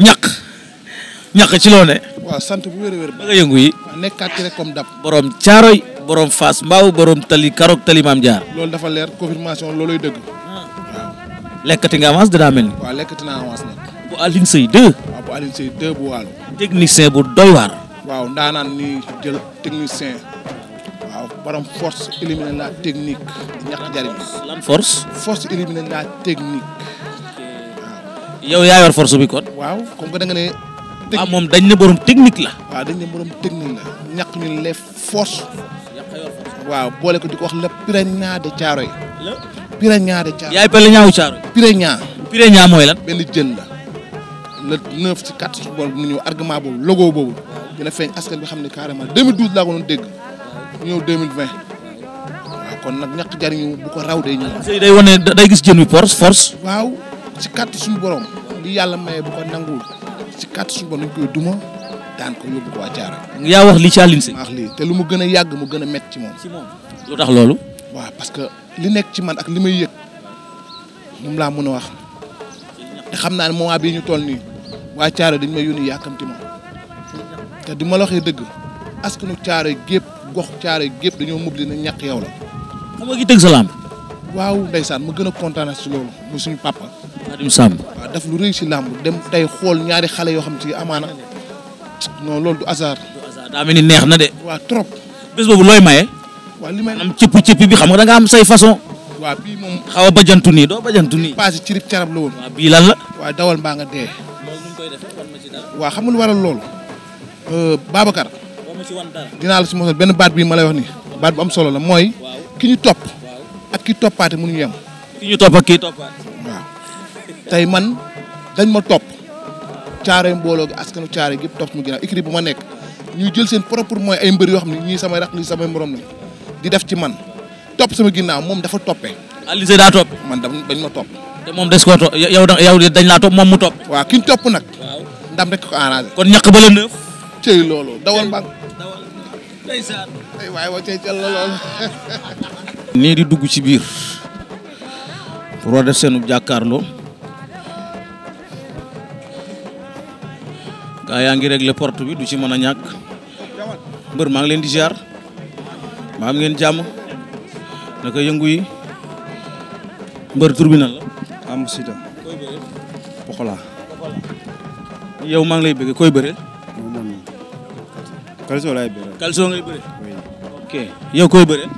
ñaq ñaq ci loo sant bu wér a yëngu yi. nekkaat ci rek comme dab. borom caaroy. borom Fass Mbao borom Tali Karok Tali maam jaar. loolu dafa leer confirmation looloy dëgg. waaw. Ah. lekkati nga avance dinaa mel ni. waaw lekkati naa avance bu Alioune Seye 2. bu Alioune Seye bu doy waar. waaw ndaanaan ni jël technique. ñaq force. force éliminer la technique. yow yaa yor force bi kon. waaw kom que da nga ne. Ah, dañ ne borom technique la. waaw dañ ne borom technique la ñàkk ñu les forces. waaw boole ko di ko wax la Piranha de Thiaroye. la Piranha de Thiaroye. yaay Piranha wu Thiaroye. Piranha. Piranha mooy la benn jën la. le neuf ci quatre suuf boobu mu ñëw argument boobu logo boobu. dina feeñ askan bi xam ne carrément 2012 laa ko doon dégg. ñu ñëw 2020. waaw kon nag ñàkk jariñu bu ko raw day ñëw. day day gis jën bi fors force. waaw ci quatre suñu borom. li yàlla maye bu ko nanguwul ci quatre suba nañ koy duma daan ko yóbbu ko waa Thiaré. yaa wax li ci Alioune Seye. wax lii te lu ma gën a yàgg mu gën a métti ci moom. ci moom lu tax loolu. waaw parce que li nekk ci man ak li may yëg moom laa mën a wax te xam naa ne moment bii ñu toll nii waa Thiaré dañ may yónni yàkkamti ma te di ma la waxee dëgg askanu Thiaré gépp gox Thiaré gépp dañoo mubli na ñàkk yow la. xam nga ki waaw ndeysaan ma gën a kontaan ci loolu mu suñu papa. Khadim Samb. daf lu réy si làmb dem tey xool ñaari xale yoo xam ci amaana non loolu du hasard. daa mel ni neex na de. waa trop. bés boobu looy maye. waa li may am cëpp cëpp bi xam nga danga am say façon. waaw bii moom xaw a bajantu nii doo bajantu nii. passé ci rib carab la woon. waaw la. waaw dawal mbaa nga dee. loolu koy defee wan ma ci dara. waaw xam nga lu waral ma euh, la si benn baat bii ma lay wax nii. baat bu am solo la mooy. ki ñu topp. ak ki toppaate mënuñu yem. ki ñu topp ak ki toppaate. tey man dañ ma topp caare mbooloo gi askanu caare gi topp mu ginnaaw écrit bu ma nekk ñuy jël seen propre mooy ay mbër yoo xam ne ñii samay raq ñii samay moroom lañ di def ci man topp sama ginnaaw moom dafa toppee. Alizé daa topp. man dañ ma topp. te moom des koo topp yow yow dañ laa topp moom topp. waaw ki ñu topp nag. ndam rek ko arrangé. kon ñàkk ba la neuf. cëy dawal mbaa. dawal ndeysaan. waaye nii di dugg ci biir. pour def seenu jàkkaarloo. gaa yaa ngi réglé porte bi du ci mën a ñàkk maa ngi leen di ziar maa am ngeen jàmm naka yëngu yi mbër tur Pokola. yow maa ngi lay bëgg koy bëree. Kalso laay bëree. Kalso ngay bëree. ok yow koy bëree.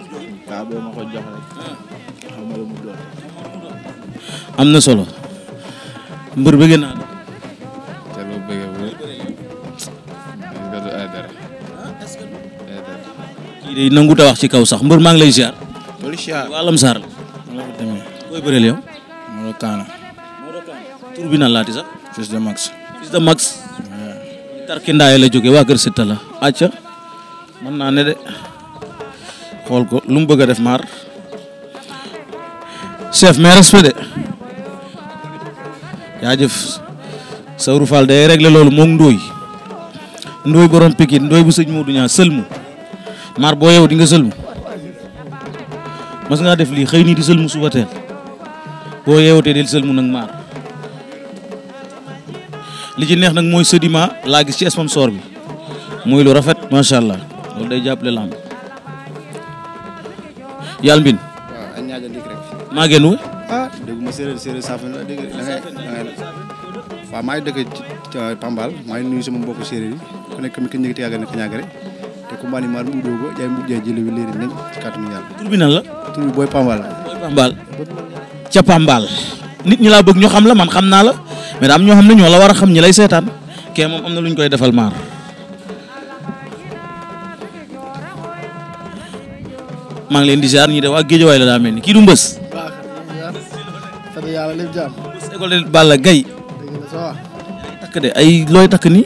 nga yor am na solo mbër bëgg naa la. te loo bëgg wax ci kaw sax mbër maa ngi lay ziar. loolu ziar waalam saar la. koy bëreel yow. Modou Kaana. Modou laati sax. fils de la jóge waa Kër Sitta acca mën naa ne de xool ko lu mu bëgg a def maar chef mais respect de. jaajëf Saourou Fall day réglé loolu moom ndóoy ndóoy borom Pikine ndooy bu sëñ Modou ñaa sëlmu mar boo yow di nga sëlmu mas ngaa def lii xëy nii di sëlmu suba teel boo yeewatee ci neex nag mooy sédiment laa gis ci sponsor bi muy lu rafet macha allah loolu day jàppale lamb yàlla mbin maa genn ma séeréer séeréer saafara la dégg da ngay da maa ngi dëkk Pambal maa ngi nuyu sama mbokku séeréer yi ku nekk mi te yàgg na ko te ku la. tur bi booy Pambal. ñi laa bëgg ñu xam la man xam naa la mais am ñoo xam ne ñoo la war a xam ñi lay seetaan kee moom am na lu koy defal maar. maa leen di ñi de waa Géejawaay la daa mel ni kii du mbës. yàlla lépp jàmm. bourse école takk de ay looy takk nii.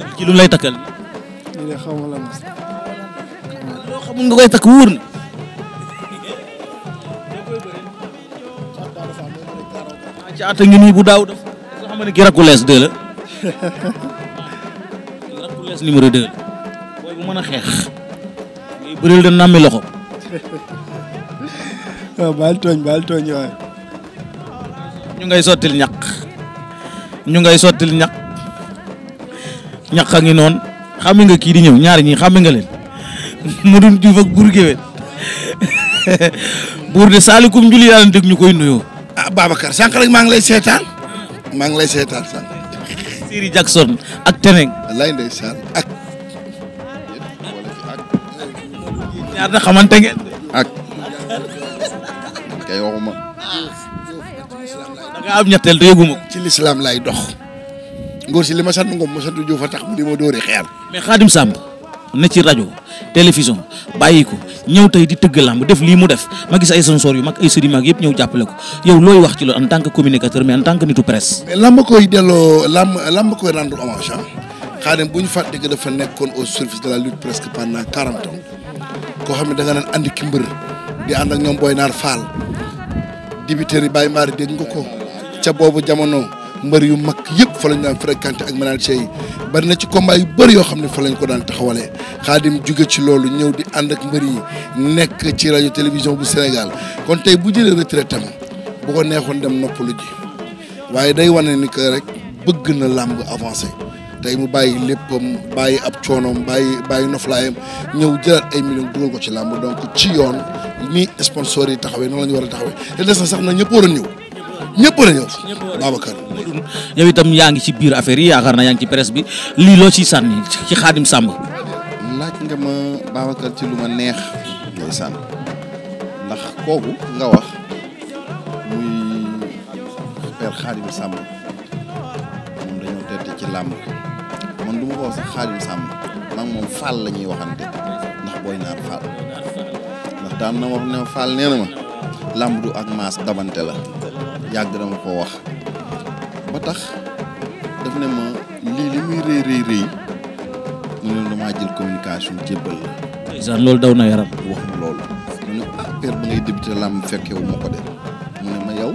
takk lay takkal. nga koy takk wóor na. ci ngi nii bu daaw def nga xam ne ki rakku bu mën a xeex. ngay bëreel da loxo. Oh, baal tooñ baal tooñ waay ñu ngay sottil ñaq ñu ngay sottil ñaq ñaq ngi noonu xam nga kii di ñëw ñaar ñi xam nga leen mu du Juuf ak buur géwél buur de saalikum julli yàlla dégg ñu koy nuyoo. ah Babacar sànq rek maa ngi lay seetaan maa ngi lay seetaan sànq. Jackson ak Teneng. wallaay ndeysaan ñaar na xamante ngeen. kay waxuma. da nga am ñetteel te yëguma ko. ci lislaam laay dox. ngóor si li ma sant ngoom ma sant Diouf a tax mu di ma dóori xeer. mais Xaadim Samb ne ci rajo télévision bàyyi ko ñëw tey di tëgg làmb def lii mu def ma gis ay sponsor yu mag ay sëriñ mag yëpp ñëw jàppale ko yow looy wax ci loolu en tant que communicateur mais en tant que nitu presse. mais làmb koy delloo làmb làmb koy rendre hommage Xaadim ah. bu ñu fàtte que dafa nekkoon au service de la lutte presque pendant quarante ans koo xam ne da nga naan andi ki mbër di ànd ak ñoom Boy Naar Fall. dibiteri Baye Maari dégg nga ko ca boobu jamono mbër yu mag yëpp fa lañ daan fréquenté ak manager yi bari na ci combat yu bëri yoo xam ne fa lañ ko daan taxawalee xaadim jóge ci loolu ñëw di ànd ak mbër yi nekk ci rajo télévision bu Sénégal kon tey bu jëlee retraite am bu ko neexoon dem noppalu ji waaye day wane ni que rek bëgg na làmb avancé tey mu bàyyi léppam bàyyi ab coonoom bàyyi bàyyi noflaayam ñëw jëlaat ay millions dugal ko ci làmb donc ci yoon ni sponsor yi taxawee noonu la war a taxawee te na sax na ñëpp war a ñëw ñëpp war a ñëw Babacar yow itam yaa ngi ci biir affaire yi yaakaar na yaa ngi ci presse bi lii loo ciy sànni ci Xaadim Samb laaj nga ma Babacar ci lu ma neex ngay sànn ndax kooku nga wax muy père Xaadim Samb moom dañoo tedd ci làmb lu du ma ko wax sax xaadim sàmm maa moom Fall la ñuy waxante ndax booy naar Fall ndax daan na wax ne Fall nee na ma làmb du ak maas dabante la yàgg dama ko wax ba tax daf ne ma lii li muy rëy rëy mu ne damaa jël communication jébbal la. loolu daw na yaram. wax ma loolu. mu ne ah fekke ma ko mu ne yow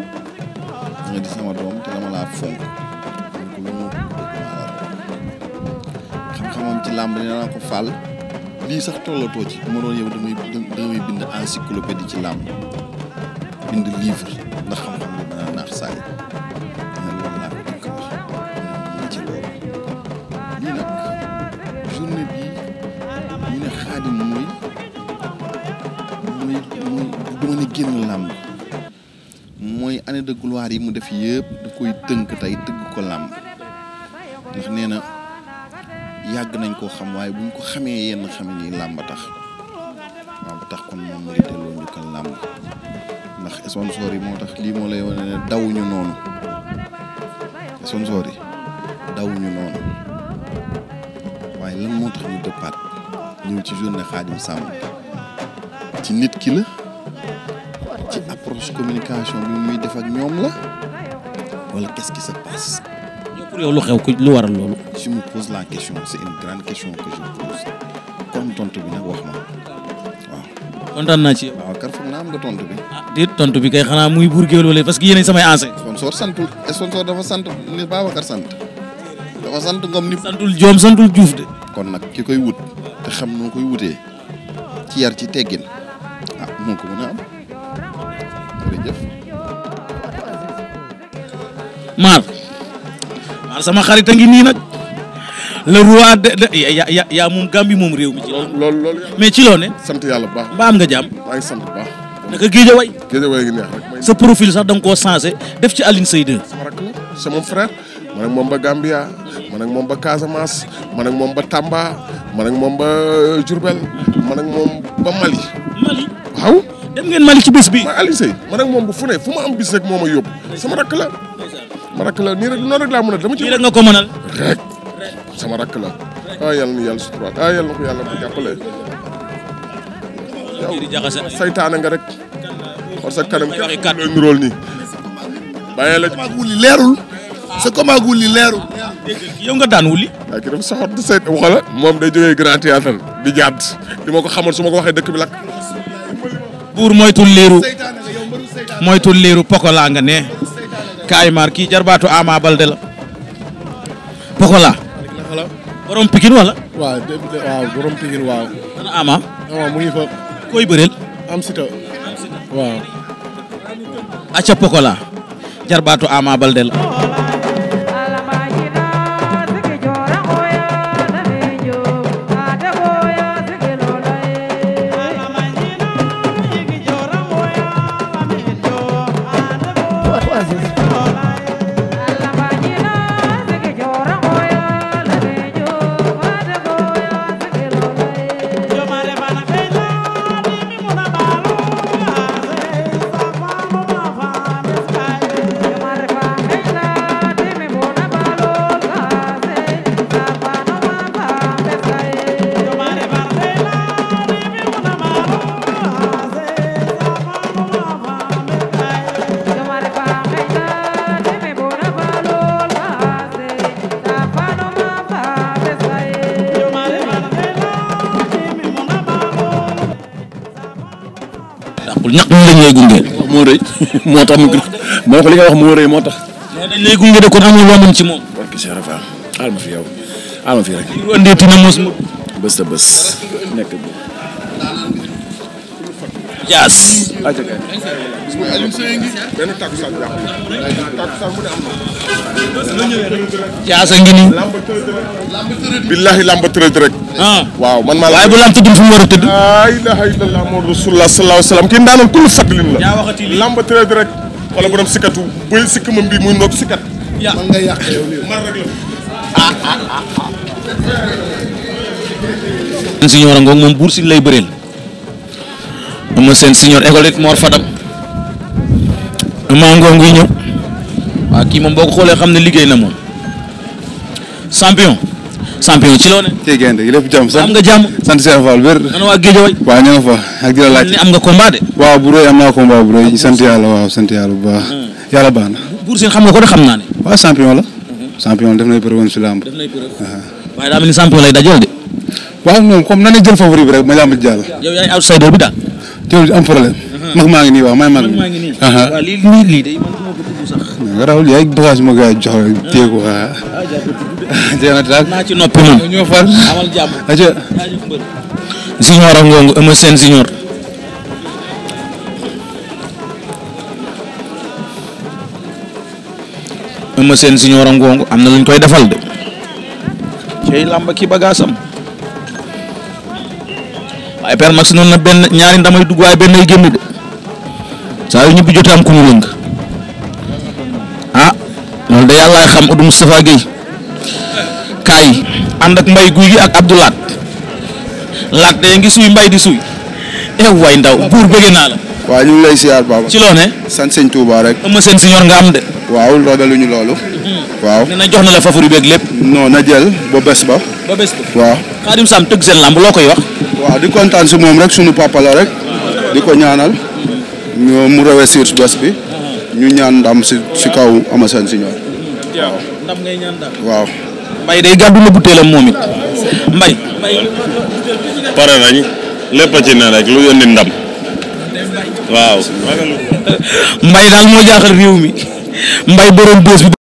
nga di sama doom te dama laa fonk. xam ci làmb nee lii sax tollatoo ci ci làmb nag journée bii ñu ne xaadim mooy mooy dama ne génn làmb mooy année de gloire yi mu def yëpp da koy tënk tey tëgg ko làmb ndax nee na yàgg nañ koo xam waaye buñ ko xamee yenn xam ni làmb tax làmb tax kon moom mu ngi delloo njukkal làmb ndax sponsor yi moo tax lii moo la wane ne dawuñu noonu sponsor yi dawuñu noonu waaye lan moo tax ñu dëppaat ñëw ci journée Khadim Samb ci nit ki la ci approche communication bi muy def ak ñoom la wala quest qui se passe pour yow lu xew ko lu waral loolu. je me pose la question c'est une grande question que je pose comme tontu bi nag wax ma waaw. kontaan naa ci yow. waaw Carrefour naa am nga tontu bi. ah déet tontu bi kay xanaa muy buur géwél wala parce que yéenay samay ancêtres. sponsor santul sponsor dafa sant ni Babacar sant dafa sant ngom ni. santul joom santul juuf de. kon nag ki koy wut te xam noo koy wutee ci yar ci teggin ah moo ko mën a am jërëjëf. Maar. ah sama xarit a ngi nii nag le roi de de yaa yaa moom Gambie moom réew mi. ci loolu loolu mais ci loo sant yàlla bu baax mbaa am nga jàmm. maa ngi sant bu baax. naka Géejawaay. Géejawaay gi neex rek. sa profil sax da nga koo changé def ci Alioune Seye 2. sama rakk la sama frère. man moom ba Gambia man moom ba Casamance man moom ba Tamba man moom ba Diourbel man moom ba Mali waaw. dem ngeen Mali ci bés bi. ma Aliou Seye moom bu fu fu ma am bis rek moo ma yóbbu. sama rakk la. ma rakk la nii rek noonu rek a dama ci. nii rek nga ko mënal. rek sama rakk la. ah yàlla na yàlla suturaat ah yàlla na ko yàlla jàppale. nga rek. war sa kanam kenn looy nuróol nii. bàyyi la wuli leerul. sa comment wuli leerul. yow nga daan wuli. waaye di sayt moom day jógee grand théâtre di jàdd di ma ko xamal su ma ko waxee dëkk bi lakk. buur moytul liiru moytul liiru pokola nga ne kaay maar kii jarbaatu Ama Baldé la pokola pikin wala waaw koy bëreel am sita jarbaatu Ama Baldé la simple ñax mi lañ lay gunge. moo rëy moo tax ma ko li nga wax moo rëy moo tax. mais dañ lay gunge de kon amul loo mën ci moom. ok c' est a xaaral ma fi yow xaaral ma fi rek. li mu andi tuuti mos mu. bés a bés nekk. Dias. Dias a ngi nii. billahi lamb tërëj rek. Ah. man maa la. waaye bu lamb tëddul fu mu war a tëdd. laa ilaaha illallaah Muhammadu rasuulullaah sallallaahu alayhi wa sallam kii daanaka kullu fadlin la. lamb tërëj rek. wala borom sikatu buy sikk moom bii muy noog sikat. man nga yàq yow lii. suñu war a ngoog moom buur si lay bëreel. ama seen senior école it Mor Fadam ama ngoo ngi ñëw waaw kii moom boo ko ne liggéey na moom champion champion ci loo ne tey gaynde yi lépp jàmm sax am nga jàmm sant Cheikh Fall wér ana waa Guédiawaye fa am nga combat de waaw bu am naa combat bu rëy ah, sant yàlla waaw sant yàlla bu baax hmm. yàlla baax na Bour nga ko de xam naa ne waaw champion la hmm. ah. champion lay dajal de waaw ñoom comme na ne jël favori bi ma lamb jàll yow yaay outsider bi teewlu am problème. Mhm. mag maa ngi nii waaw may mag. mag maa ngi nii waaw lii lii lii yaay bagage ma gars yi jox la ah. ko waaw. Ah, jeex na daal naa ci noppi man ñoo far amal jàmm. am na luñ koy defal de. cey làmb ki bagaasam. waaye Père Max noonu na benn ñaari ndamay dugg waaye benn ay génn de saa yu ñibbi jotee am ku mu lëng ah loolu de yàllaay xam Oudou Moustapha Guèye kaay ànd ak mbay guy gi ak Abdou Laat de ngi suy mbay di suy eh way ndaw buur bëgg naa la. waaw ñu ngi lay siyaar baaba. ci loonee. sant sëñ Touba rek. am na seen siñoor nga am de. waaw ragaluñu loolu. Hmm. waaw nee na jox na la favori beeg lépp. non na jël ba bés ba. waaw. Xaadim Sam tëgg seen làmb loo koy wax. waa di kontaan si moom rek suñu papa rek di ko ñaanal mu réussir si bés bi ñu ñaan ndam si si kaw ama seen si ñoom waaw. ndam ngay ñaan ndam waaw. Mbaye day gàddu daal moo jaaxal réew mi Mbaye borom bés bi.